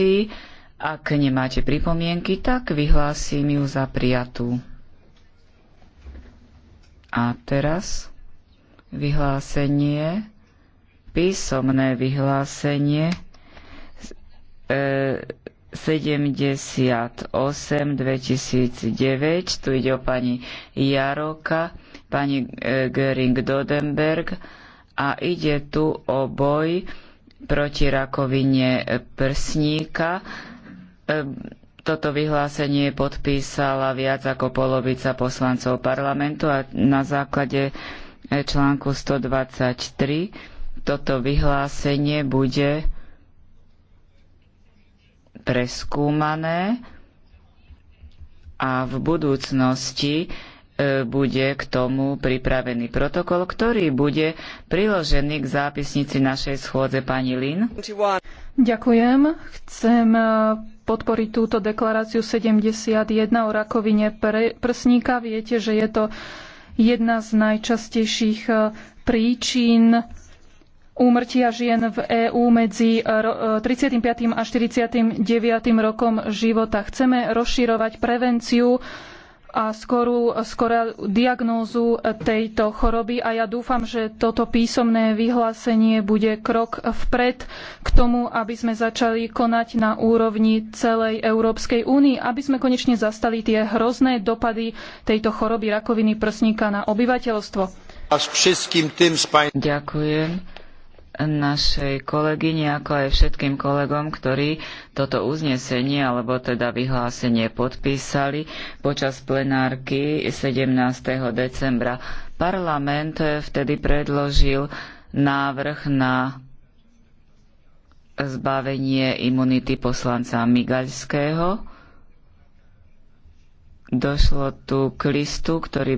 diskusii. Ak nemáte pripomienky, tak vyhlásim ju za prijatú. A teraz vyhlásenie, písomné vyhlásenie 78 e, 2009, tu ide o pani Jaroka, pani e, Göring-Dodenberg a ide tu o boj proti rakovine prsníka. E, toto vyhlásenie podpísala viac ako polovica poslancov parlamentu a na základe e, článku 123 toto vyhlásenie bude preskúmané a v budúcnosti E, bude k tomu pripravený protokol, ktorý bude priložený k zápisnici našej schôdze pani Lin. Ďakujem. Chcem e, podporiť túto deklaráciu 71 o rakovine prsníka. Viete, že je to jedna z najčastejších e, príčin úmrtia žien v EÚ medzi 35. a 49. rokom života. Chceme rozširovať prevenciu a skorú, skorú diagnózu tejto choroby a ja dúfam, že toto písomné vyhlásenie bude krok vpred k tomu, aby sme začali konať na úrovni celej Európskej únie, aby sme konečne zastali tie hrozné dopady tejto choroby rakoviny prsníka na obyvateľstvo. Ďakujem našej kolegyne, ako aj všetkým kolegom, ktorí toto uznesenie alebo teda vyhlásenie podpísali počas plenárky 17. decembra. Parlament vtedy predložil návrh na zbavenie imunity poslanca Migaľského. Došlo tu k listu, ktorý